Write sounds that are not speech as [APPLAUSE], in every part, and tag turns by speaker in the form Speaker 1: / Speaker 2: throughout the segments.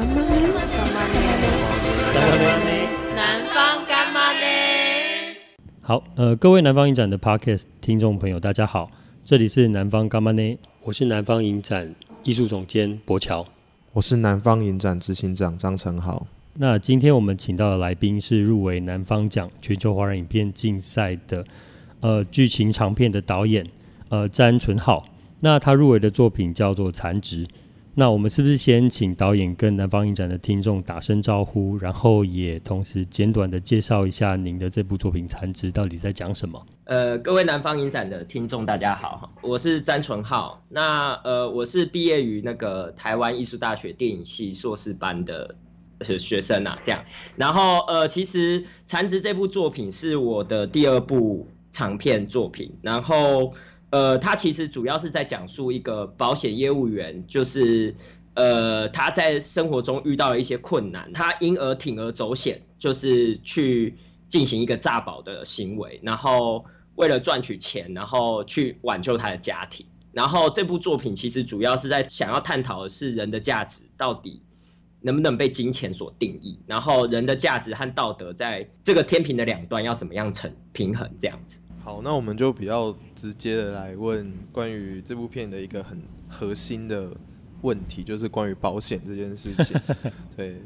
Speaker 1: 南
Speaker 2: 方乾媽呢？
Speaker 1: 好，呃，各位南方影展的 Podcast 聽眾朋友，大家好，這裡是南方乾媽呢，我是南方影展藝術總監
Speaker 2: 柏喬，我是南方影展執行長張岑豪。
Speaker 1: 岑豪，那今天我們請到的來賓是入圍南方獎全球華人影片競賽的呃劇情長片的導演呃詹淳皓，那他入圍的作品叫做《殘值》。那我們是不是先請導演跟南方影展的聽眾打聲招呼，然後也同時簡短的介紹一下您的這部作品《殘值》到底在講什麼？
Speaker 3: 呃，各位南方影展的聽眾，大家好，我是詹淳皓。那呃，我是畢業於那個台灣藝術大學電影系碩士班的、呃、學生啊，這樣。然後呃，其實《殘值》這部作品是我的第二部長片作品，然後。呃，他其實主要是在講述一個保險業務員，就是呃他在生活中遇到了一些困難，他因而鋌而走險，就是去進行一個詐保的行為，然後為了賺取錢，然後去挽救他的家庭。然後這部作品其實主要是在想要探討的是人的價值到底能不能被金錢所定義，然後人的價值和道德在
Speaker 2: 這個天平的兩端要怎麼樣成平衡這樣子。好，那我們就比較直接的來問關於這部片的一個很核心的問題，就是關於保險這件事情。對，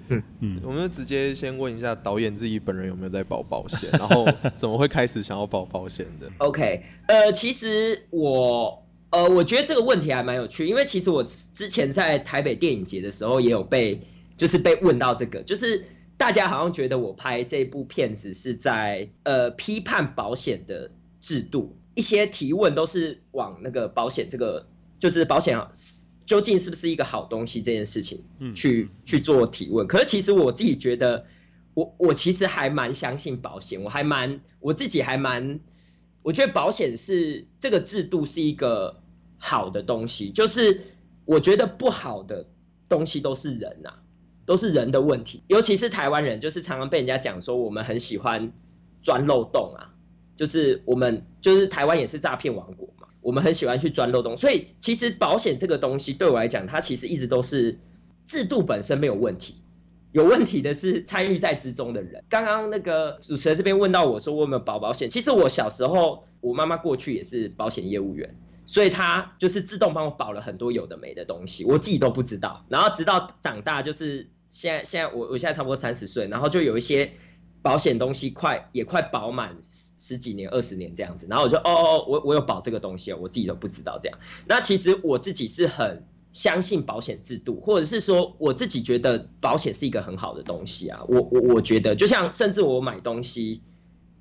Speaker 2: 嗯，我們就直接先問一下導演自己本人有沒有在保保險，然後怎麼會開始想要保保險的
Speaker 3: ？OK，呃，其實我，呃，我覺得這個問題還蠻有趣，因為其實我之前在台北電影節的時候也有被，就是被問到這個，就是大家好像覺得我拍這部片子是在呃批判保險的。制度，一些提問都是往那個保險這個，就是保險啊，究竟是不是一個好東西這件事情，去去做提問。可是其實我自己覺得，我我其實還蠻相信保險，我還蠻我自己還蠻，我覺得保險是這個制度是一個好的東西。就是我覺得不好的東西都是人啊，都是人的問題，尤其是台灣人，就是常常被人家講說我們很喜歡鑽漏洞啊。就是我們，就是台灣也是詐騙王國嘛，我們很喜歡去鑽漏洞，所以其實保險這個東西對我來講，它其實一直都是制度本身沒有問題，有問題的是參與在之中的人。剛剛那個主持人這邊問到我說，我有沒有保保險？其實我小時候，我媽媽過去也是保險業務員，所以她就是自動幫我保了很多有的沒的東西，我自己都不知道。然後直到長大，就是現在現在我我現在差不多三十歲，然後就有一些。保險東西快也快保滿十十幾年、二十年這樣子，然後我就哦哦，我我有保這個東西，我自己都不知道這樣。那其實我自己是很相信保險制度，或者是說我自己覺得保險是一個很好的東西啊。我我我覺得，就像甚至我買東西，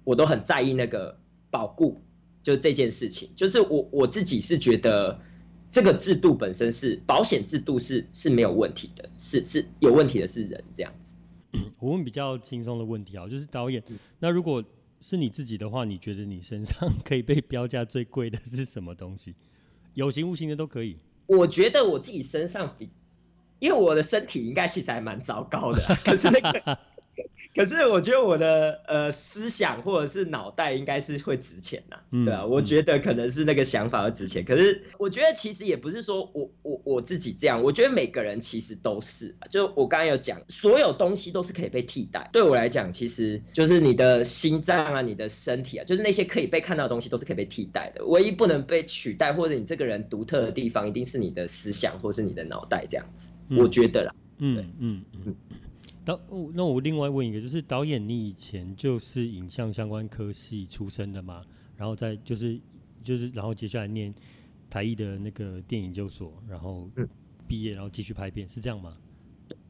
Speaker 3: 我都很在意那個保固，就是這件事情，就是我我自己是覺得這個制度本身是保險制度是是沒有問題的，是是有問題的是人這樣子。
Speaker 1: 嗯，我問比較輕鬆的問題啊，就是導演，是那如果是你自己的話，你覺得你身上可以被標價最貴的是什麼東西？有形無形的都可以。
Speaker 3: 我覺得我自己身上比，因為我的身體應該其實還蠻糟糕的啊， [LAUGHS] 可是那個。 [LAUGHS] 可是我覺得我的呃思想或者是腦袋應該是會值錢呐、啊，對啊，我覺得可能是那個想法會值錢。可是我覺得其實也不是說我我我自己這樣，我覺得每個人其實都是，就我剛剛有講，所有東西都是可以被替代。對我來講，其實就是你的心臟啊，你的身體啊，就是那些可以被看到的東西都是可以被替代的。唯一不能被取代或者你這個人獨特的地方，一定是你的思想或是你的腦袋這樣子。嗯、我覺得啦，嗯嗯嗯。
Speaker 1: 嗯嗯那我另外一問一個，就是導演，你以前就是影像相關科系出身的嗎？然後再就是就是，就是、然後接下來念台藝的那個電影研究所，然後畢業，然後繼續拍片，是這樣嗎？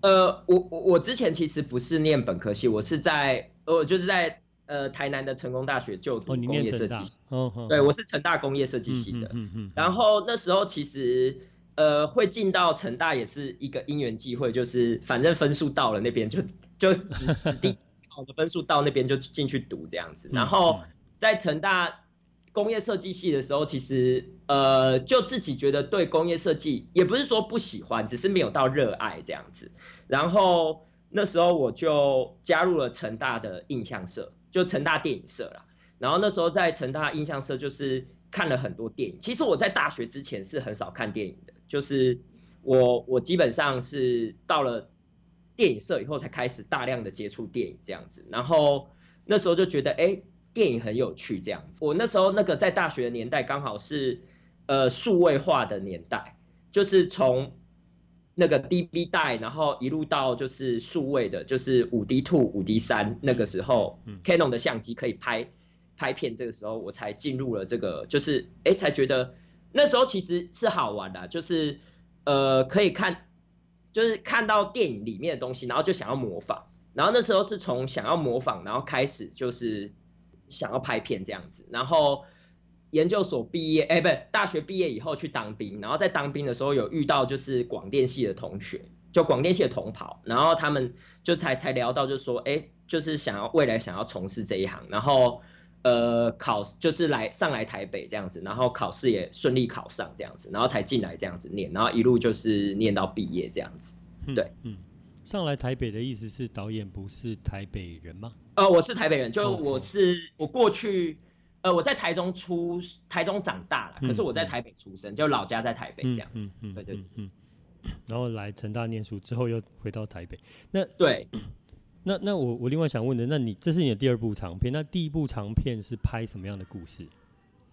Speaker 3: 呃，我我我之前其實不是念本科系，我是在呃，就是在呃台南的成功大學就讀工業設計系，哦，哦
Speaker 1: 對我
Speaker 3: 是成大工業設計系的，嗯嗯，嗯然後那時候其實。呃，會進到成大也是一個因緣際會，就是反正分數到了那邊就就指，指定指考的分數到那邊就進去讀這樣子。然後在成大工業設計系的時候，其實呃就自己覺得對工業設計也不是說不喜歡，只是沒有到熱愛這樣子。然後那時候我就加入了成大的印象社，就成大電影社啦。然後那時候在成大的印象社就是。看了很多電影，其實我在大學之前是很少看電影的，就是我我基本上是到了電影社以後才開始大量的接觸電影這樣子，然後那時候就覺得哎、欸、電影很有趣這樣子。我那時候那個在大學的年代剛好是呃數位化的年代，就是從那個 DV 帶，然後一路到就是數位的，就是五 D 二、五 D 三那個時候，Canon 的相機可以拍，拍片這個時候，我才進入了這個，就是哎、欸，才覺得那時候其實是好玩的、啊，就是呃，可以看，就是看到電影裡面的東西，然後就想要模仿，然後那時候是從想要模仿，然後開始就是想要拍片這樣子，然後研究所畢業哎、欸，不是大學畢業以後去當兵，然後在當兵的時候有遇到就是廣電系的同學，就廣電系的同袍，然後他們就才才聊到就是，就說哎，就是想要未來想要從事這一行，然後。呃，考就是來上來台北這樣子，然後考試也順利考上這樣子，然後才進來這樣子念，然後一路就是念到畢業這樣子。
Speaker 1: 對。嗯，嗯，上來台北的意思是導演不是台北人嗎？
Speaker 3: 呃，我是台北人，就我是嗯嗯我過去，呃，我在台中出台中長大了，可是我在台北出生，嗯嗯就老家在台北這樣子。嗯
Speaker 1: 對，嗯。然後來成大念書之後又回到台北，那對。那那我我另外想問的，那你這是你的第二部長片，那第一部長片是拍什麼樣的故事？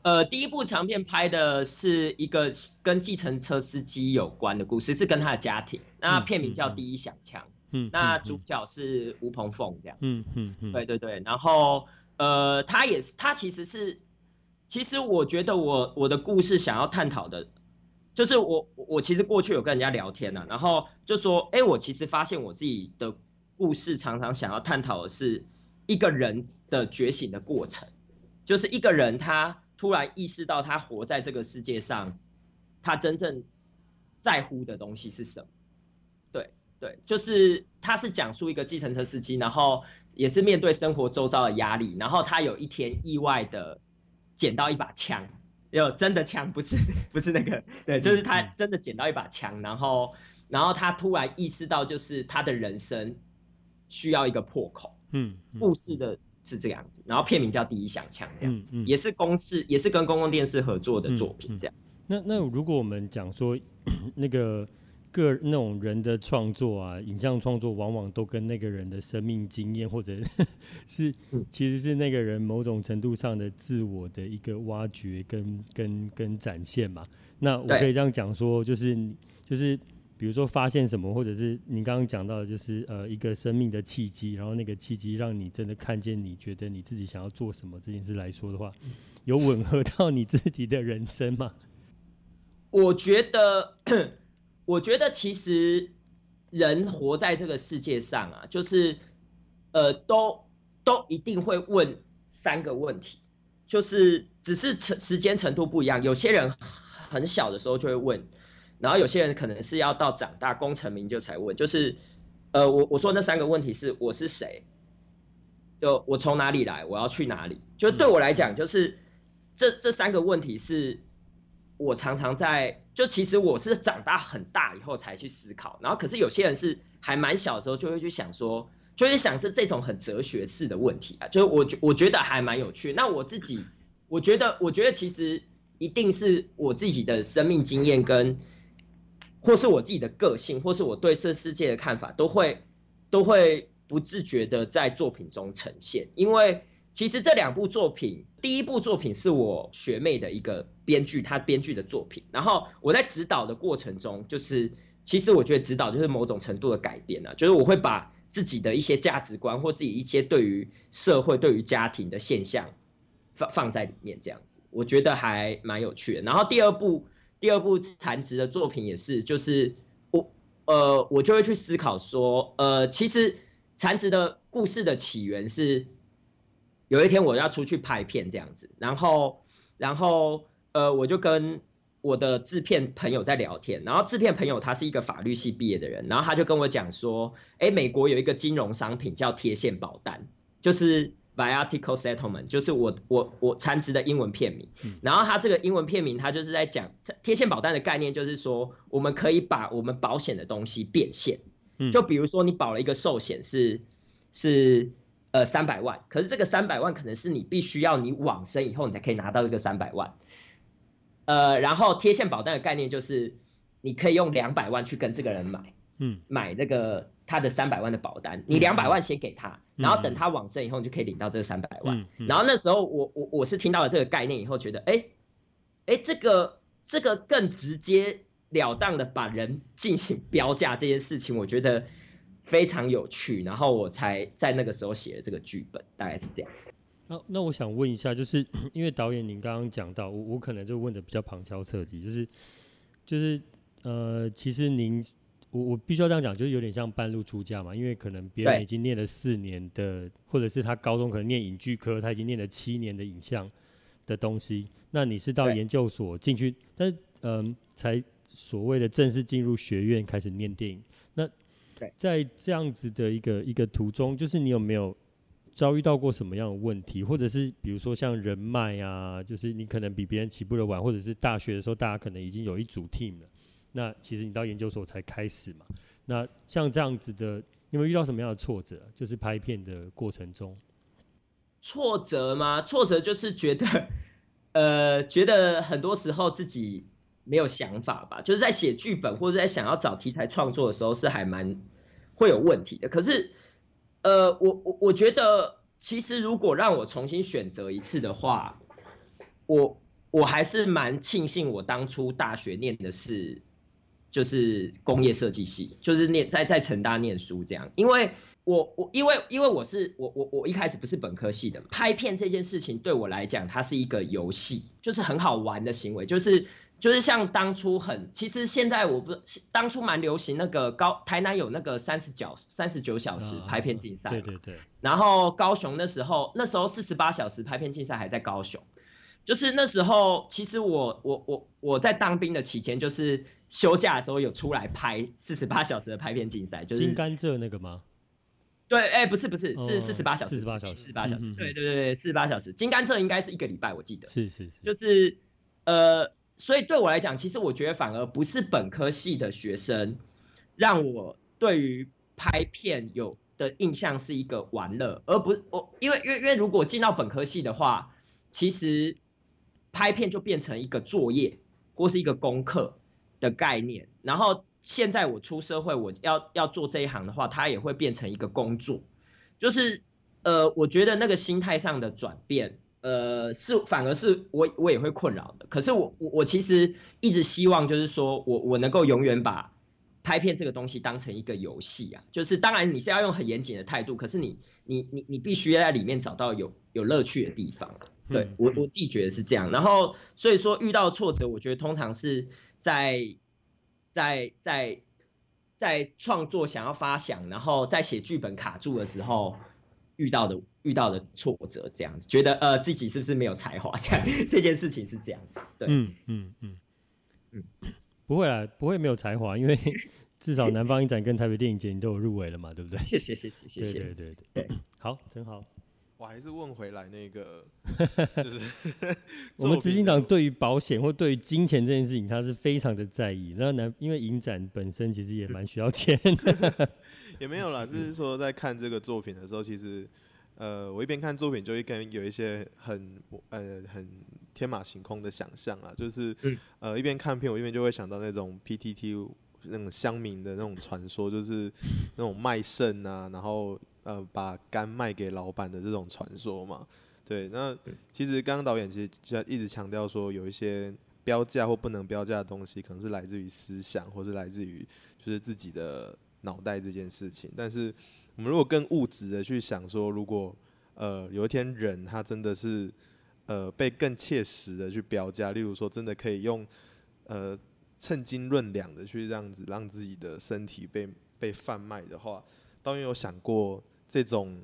Speaker 3: 呃，第一部長片拍的是一個跟計程車司機有關的故事，是跟他的家庭。那片名叫《第一響槍》，嗯，那主角是吳鵬鳳這樣
Speaker 1: 子，嗯嗯，嗯
Speaker 3: 嗯，對對對。然後呃，他也是，他其實是，其實我覺得我我的故事想要探討的，就是我我其實過去有跟人家聊天呢、啊，然後就說，哎、欸，我其實發現我自己的。故事常常想要探討的是一個人的覺醒的過程，就是一個人他突然意識到他活在這個世界上，他真正在乎的東西是什麼？對對，就是他是講述一個計程車司機，然後也是面對生活周遭的壓力，然後他有一天意外的撿到一把槍，有真的槍，不是不是那個，對，就是他真的撿到一把槍，然後然後他突然意識到，就是他的人生。需要一個破口，嗯，嗯，故事的是這樣子，然後片名叫《第一響槍》這樣子，嗯嗯、也是公視，也是跟公共電視合作的作
Speaker 1: 品這樣、嗯嗯。那那如果我們講說，嗯、那個個那種人的創作啊，影像創作往往都跟那個人的生命經驗，或者是、嗯、其實是那個人某種程度上的自我的一個挖掘跟跟跟展現嘛。那我可以這樣講說，就是對就是。比如說發現什麼，或者是你剛剛講到的，就是呃一個生命的契機，然後那個契機讓你真的看見你，你覺得你自己想要做什麼這件事來說的話，有吻合到你自己的人生嗎？我覺得，我覺得其實
Speaker 3: 人活在這個世界上啊，就是呃都都一定會問三個問題，就是只是成時間程度不一樣，有些人很小的時候就會問。然後有些人可能是要到長大，功成名就才問，就是，呃，我我說那三個問題是我是誰？就我從哪裡來？我要去哪裡？就對我來講，就是這這三個問題是，我常常在就其實我是長大很大以後才去思考。然後，可是有些人是還蠻小的時候就會去想說，就會想是這種很哲學式的問題啊，就是我我覺得還蠻有趣。那我自己，我覺得，我覺得其實一定是我自己的生命經驗跟。或是我自己的個性，或是我對這世界的看法，都會都會不自覺地在作品中呈現。因為其實這兩部作品，第一部作品是我學妹的一個編劇，她編劇的作品。然後我在指導的過程中，就是其實我覺得指導就是某種程度的改變了、啊，就是我會把自己的一些價值觀，或自己一些對於社會、對於家庭的現象放放在裡面，這樣子，我覺得還蠻有趣的。然後第二部。第二部殘值的作品也是，就是我，呃，我就會去思考說，呃，其實殘值的故事的起源是，有一天我要出去拍片這樣子，然後，然後，呃，我就跟我的製片朋友在聊天，然後製片朋友他是一個法律系畢業的人，然後他就跟我講說，誒，美國有一個金融商品叫貼現保單，就是。Biotech Settlement 就是我我我殘值的英文片名，嗯、然後它這個英文片名它就是在講貼現保單的概念，就是說我們可以把我們保險的東西變現，嗯、就比如說你保了一個壽險是是呃三百萬，可是這個三百萬可能是你必須要你往生以後你才可以拿到這個三百萬，呃，然後貼現保單的概念就是你可以用兩百萬去跟這個人買，嗯，買這個。他的三百萬的保單，你兩百萬先給他，嗯、然後等他往生以後，你就可以領到這三百萬。嗯嗯、然後那時候我，我我我是聽到了這個概念以後，覺得，哎，哎，這個這個更直接了當的把人進行標價這件事情，我覺得非常有趣。然後我才在那個時候寫了這個劇本，大概是這樣。那、
Speaker 1: 啊、那我想問一下，就是因為導演您剛剛講到，我我可能就問的比較旁敲側擊，就是就是呃，其實您。我我必須要這樣講，就是有點像半路出家嘛，因為可能別人已經念了四年的，對或者是他高中可能念影劇科，他已經念了七年的影像的東西，那你是到研究所進去，對但是嗯、呃，才所謂的正式進入學院開始念電影。那在這樣子的一個一個途中，就是你有沒有遭遇到過什麼樣的問題，或者是比如說像人脈啊，就是你可能比別人起步的晚，或者是大學的時候大家可能已經有一組 team 了。那其實你到研究所才開始嘛。那像這樣子的，你有沒有遇到什麼樣的挫折啊？就是拍片的過程中，
Speaker 3: 挫折嗎？挫折就是覺得，呃，覺得很多時候自己沒有想法吧。就是在寫劇本或者在想要找題材創作的時候，是還蠻會有問題的。可是，呃，我我我覺得，其實如果讓我重新選擇一次的話，我我還是蠻慶幸我當初大學念的是。就是工業設計系，就是念在在成大念書這樣，因為我我因為因為我是我我我一開始不是本科系的，拍片這件事情對我來講，它是一個遊戲，就是很好玩的行為，就是就是像當初很，其實現在我不當初蠻流行那個高台南有那個三十九三十九小時拍片競賽，啊，對對對，然後高雄那時候那時候四十八小時拍片競賽還在高雄。就是那時候，其實我我我我在當兵的期間，就是休假的時候有出來拍四十八小時的拍片競賽，就是金甘蔗那個嗎？對，哎、欸，不是不是，是四十八小時，四十八小時，四十八小時，對對對對，四十八小時，金甘蔗應該是一個禮拜，我記得是是是，就是呃，所以對我來講，其實我覺得反而不是本科系的學生，讓我對於拍片有的印象是一個玩樂，而不我、哦、因為因為因為如果進到本科系的話，其實。拍片就變成一個作業或是一個功課的概念，然後現在我出社會，我要要做這一行的話，它也會變成一個工作，就是，呃，我覺得那個心態上的轉變，呃，是反而是我我也會困擾的。可是我我我其實一直希望就是說我我能夠永遠把。拍片這個東西當成一個遊戲啊，就是當然你是要用很嚴謹的態度，可是你你你你必須要在裡面找到有有樂趣的地方、啊。嗯、對我我自己覺得是這樣。然後所以說遇到挫折，我覺得通常是在在在在創作想要發想，然後在寫劇本卡住的時候遇到的遇到的挫折，這樣子覺得呃自己是不是沒有才華這樣子、嗯、這樣？這件事情是這樣子，對，嗯嗯嗯嗯，嗯
Speaker 1: 嗯不會啊，不會沒有才華，因為。至少南方影展跟台北電影節你都有入圍了嘛，對不對？謝謝謝謝謝、謝對對對、對、對、哦、好，真好。
Speaker 2: 我還是問回來那個，就是，我們執行
Speaker 1: 長對於保險或對於金錢這件事情，他是非常的在意。那因為影展本身其實也蠻需要錢，
Speaker 2: 也沒有啦，就是說在看這個作品的時候，其實呃我一邊看作品就會跟有一些很呃很天馬行空的想象啊，就是、嗯、呃一邊看片我一邊就會想到那種 PTT。那種鄉民的那種傳說，就是那種賣腎啊，然後呃把肝賣給老板的這種傳說嘛。對，那其實剛剛導演其實就一直強調說，有一些標價或不能標價的東西，可能是來自於思想，或是來自於就是自己的腦袋這件事情。但是我們如果更物質的去想說，如果呃有一天人他真的是呃被更切實的去標價，例如說真的可以用呃。稱斤論兩的去這樣子讓自己的身體被被販賣的話，當然有想過這種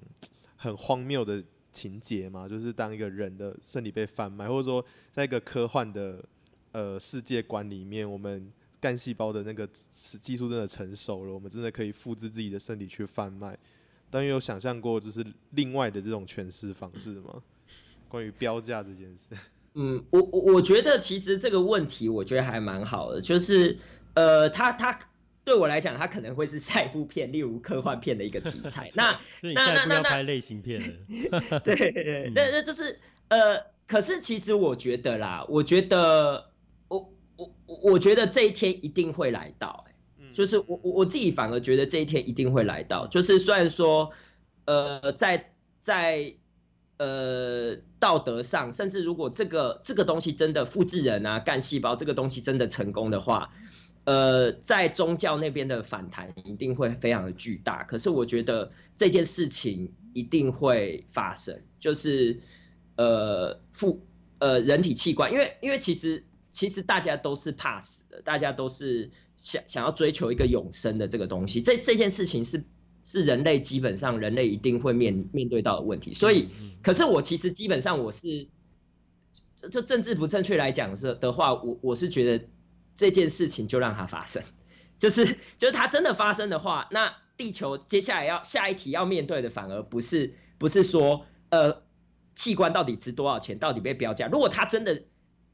Speaker 2: 很荒謬的情節嗎？就是當一個人的身體被販賣，或者說在一個科幻的呃世界觀裡面，我們幹細胞的那個技術真的成熟了，我們真的可以複製自己的身體去販賣。當然有想象過就是另外的這種詮釋方式嗎？關於標價這件事？
Speaker 3: 嗯，我我我覺得其實這個問題，我覺得還蠻好的，就是，呃，他他對我來講，他可能會是下一部片，例如科幻片的一個題材。 [LAUGHS] 對那那你下一部那那拍類型片了。對， [LAUGHS] 嗯、那那就是呃，可是其實我覺得啦，我覺得我我我我覺得這一天一定會來到、欸，嗯、就是我我自己反而覺得這一天一定會來到，就是雖然說，呃，在在。呃，道德上，甚至如果這個這個東西真的複製人啊，幹細胞這個東西真的成功的話，呃，在宗教那邊的反彈一定會非常的巨大。可是我覺得這件事情一定會發生，就是呃複呃人體器官，因為因為其實其實大家都是怕死的，大家都是想想要追求一個永生的這個東西，這這件事情是。是人類基本上人類一定會面面對到的問題，所以，可是我其實基本上我是，就就政治不正確來講是的話，我我是覺得這件事情就讓它發生，就是就是它真的發生的話，那地球接下來要下一題要面對的反而不是不是說呃器官到底值多少錢，到底被標價，如果它真的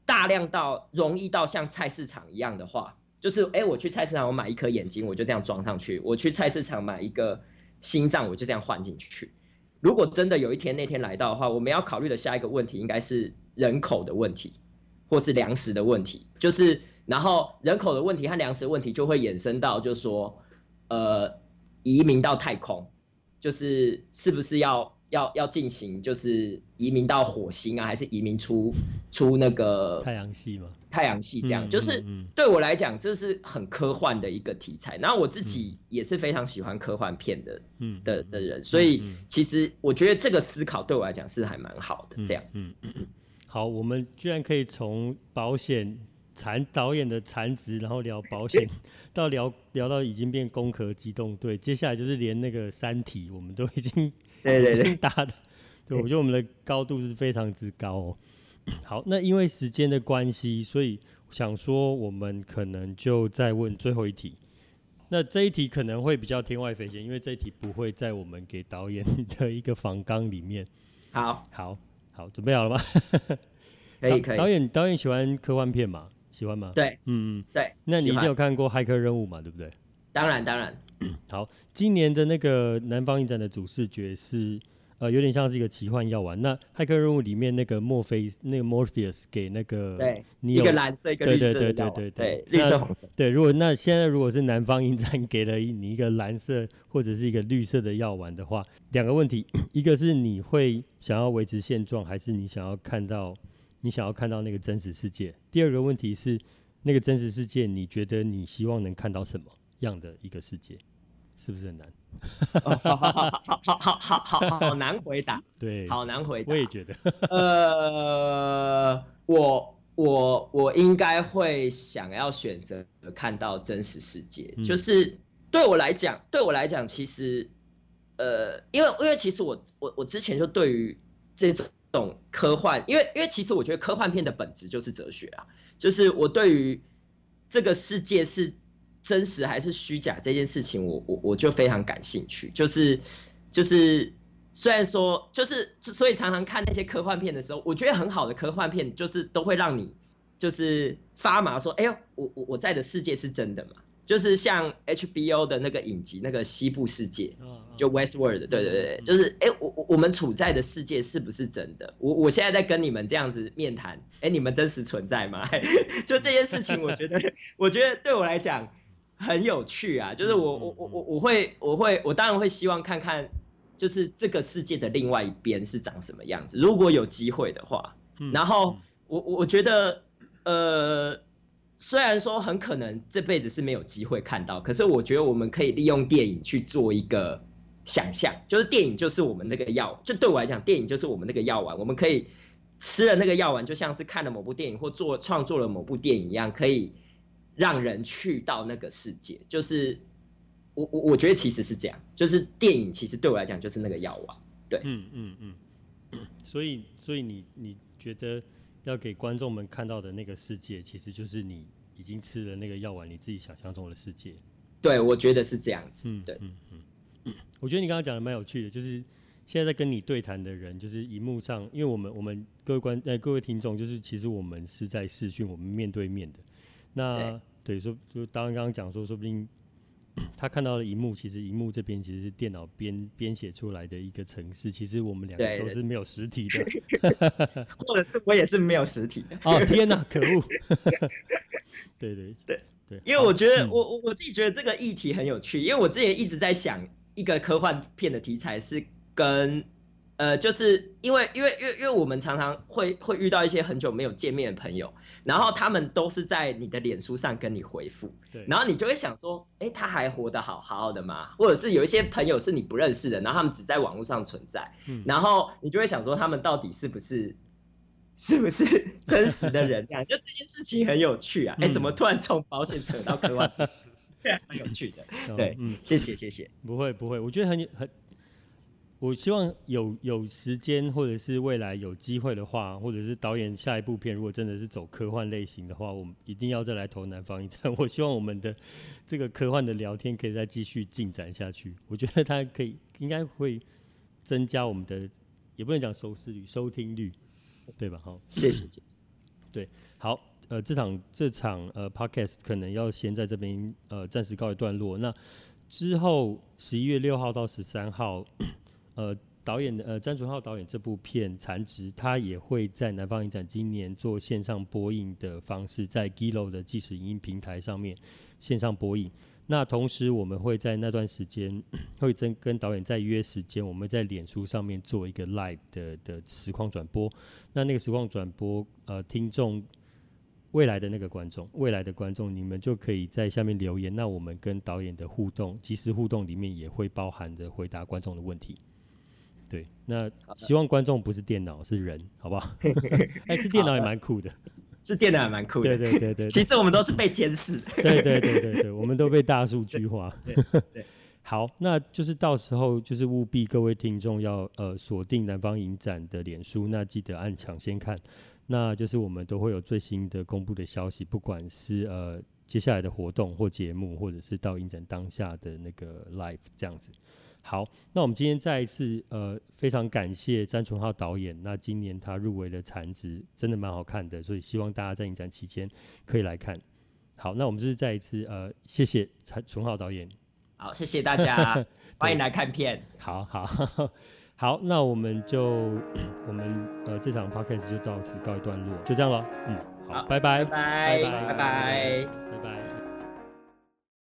Speaker 3: 大量到容易到像菜市場一樣的話。就是，哎、欸，我去菜市場，我買一顆眼睛，我就這樣裝上去；我去菜市場買一個心臟，我就這樣換進去。如果真的有一天那天來到的話，我們要考慮的下一個問題應該是人口的問題，或是糧食的問題。就是，然後人口的問題和糧食的問題就會衍生到，就是說，呃，移民到太空，就是是不是要？要要進行就是移民到火星啊，還是移民出出那個太陽系嘛？太陽系這樣，嗯嗯嗯、就是，對我來講，這是很科幻的一個題材。嗯、然後我自己也是非常喜歡科幻片的，嗯、的的人，所以其實我覺得這個思考對我來講是還蠻好的。
Speaker 1: 這樣子，好，我們居然可以從保險殘導演的殘值，然後聊保險， [LAUGHS] 到聊聊到已經變攻殼機動隊，接下來就是連那個《三體》，我們都已經。 [LAUGHS] 對對對， [LAUGHS] 大的，對，我覺得我們的高度是非常之高喔。好，那因為時間的關係，所以想說我們可能就再問最後一題。那這一題可能會比較天外飛仙，因為這一題不會在我們給導演的一個訪綱裡面。好，好，好，準備好了嗎？可 [LAUGHS] 以導可以。可以導演導演喜歡科幻片嗎？喜歡嗎？對，嗯嗯對。那你一定有看過《駭客任務》嘛歡？對不對？當然，當然。嗯。好，今年的那個南方影展的主視覺是，呃，有點像是一個奇幻藥丸。那《駭客任務》裡面那個墨菲，那個 Morpheus 給那個你有，對，一個藍色，一個綠色的對，對對對對對，對綠色、呃、紅色。對，如果那現在如果是南方影展給了你一個藍色或者是一個綠色的藥丸的話，兩個問題，一個是你會想要維持現狀，還是你想要看到你想要看到那個真實世界？第二個問題是，那個真實世界你覺得你希望能看到什麼？樣的一個世界，是不是很難？哈哈哈，好
Speaker 3: 好好好好好難回答，對，好難回答。我也覺得，呃，我我我應該會想要選擇看到真實世界，就是對我來講，嗯，對我來講，其實，呃，因為因為其實我我我之前就對於這種科幻，因為因為其實我覺得科幻片的本質就是哲學啊，就是我對於這個世界是真實還是虛假這件事情我，我我我就非常感興趣。就是就是，雖然說就是，所以常常看那些科幻片的時候，我覺得很好的科幻片就是都會讓你就是發麻說，說哎呦，我我我在的世界是真的嗎？就是像 HBO 的那個影集那個西部世界，就 Westworld，對對對，就是哎、欸，我我我們處在的世界是不是真的？我我現在在跟你們這樣子面談，哎、欸，你們真實存在嗎？ [LAUGHS] 就這件事情，我覺得 [LAUGHS] 我覺得對我來講。很有趣啊，就是我我我我我會我會我當然會希望看看，就是這個世界的另外一邊是長什麼樣子，如果有機會的話。嗯，然後我我覺得，呃，雖然說很可能這輩子是沒有機會看到，可是我覺得我們可以利用電影去做一個想象，就是電影就是我們那個藥，就對我來講，電影就是我們那個藥丸，我們可以吃了那個藥丸，就像是看了某部電影或做創作了某部電影一樣，可以。讓人去到那個世界，就是我我我覺得其實是這樣，就是電影其實對我來講就是那個藥丸，
Speaker 1: 對，嗯嗯嗯。所以所以你你覺得要給觀眾們看到的那個世界，其實就是你已經吃了那個藥丸，你自己想象中的世界。對，我覺得是這樣子，對，嗯嗯嗯。嗯嗯我覺得你剛剛講的蠻有趣的，就是現在在跟你對談的人，就是熒幕上，因為我們我們各位觀呃各位聽眾，就是其實我們是在視訊，我們面對面的。那對，對說，就剛剛講說，說不定他看到的熒幕，其實熒幕這邊其實是電腦編編寫出來的一個程式，其實我們兩個都是沒有實體的，或者是我也是沒有實體的。哦 [LAUGHS] 天哪，可惡！對 [LAUGHS] 對對對，對對因為我
Speaker 3: 覺得好我我我自己覺得這個議題很有趣，嗯、因為我之前一直在想一個科幻片的題材是跟。呃，就是因為，因為，因為，因為我們常常會會遇到一些很久沒有見面的朋友，然後他們都是在你的臉書上跟你回復，對，然後你就會想說，哎、欸，他還活得好好的嗎？或者是有一些朋友是你不認識的，然後他們只在網絡上存在，嗯，然後你就會想說，他們到底是不是是不是真實的人？這樣，就這件事情很有趣啊！哎、 [LAUGHS] 欸，怎麼突然從保險扯到科幻？對， [LAUGHS] [LAUGHS] 很有趣
Speaker 1: 的。對，嗯、謝謝，謝謝。不會，不會，我覺得很有很。我希望有有時間，或者是未來有機會的話，或者是導演下一部片，如果真的是走科幻類型的話，我們一定要再來投南方影展。我希望我們的這個科幻的聊天可以再繼續進展下去。我覺得它可以應該會增加我們的，也不能講收視率、收聽率，對吧？好，謝謝，謝謝。對，好，呃，這場這場呃，podcast 可能要先在這邊呃，暫時告一段落。那之後十一月六號到十三號。 [COUGHS] 呃，導演呃，詹淳皓導演這部片《殘值》，他也會在南方影展今年做線上播映的方式，在 Giloo 的即時影音平台上面線上播映。那同時，我們會在那段時間會跟跟導演再約時間，我們在臉書上面做一個 Live 的的實況轉播。那那個實況轉播，呃，聽眾未來的那個觀眾，未來的觀眾，你們就可以在下面留言。那我們跟導演的互動，即時互動裡面也會包含着回答觀眾的問題。對，那希望觀眾不是電腦是人，好不好？哎，是電腦也蠻酷的，是電腦也蠻酷的。對對對對，其實我們都是被監視。對對對對對，我們都被大數據化。好，那就是到時候就是務必各位聽眾要呃鎖定南方影展的臉書，那記得按搶先看，那就是我們都會有最新的公布的消息，不管是呃接下來的活動或節目，或者是到影展當下的那個 live 這樣子。好，那我們今天再一次呃，非常感謝詹淳皓導演。那今年他入圍的《殘值》真的蠻好看的，所以希望大家在影展期間可以來看。好，那我們就是再一次呃，謝謝詹淳皓導演。好，
Speaker 3: 謝謝大家， [LAUGHS] 歡迎來看片。
Speaker 1: 好好 [LAUGHS] 好，那我們就、嗯、我們呃這場 podcast 就到此告一段落，就這樣了。嗯，好，拜拜拜拜拜拜拜拜。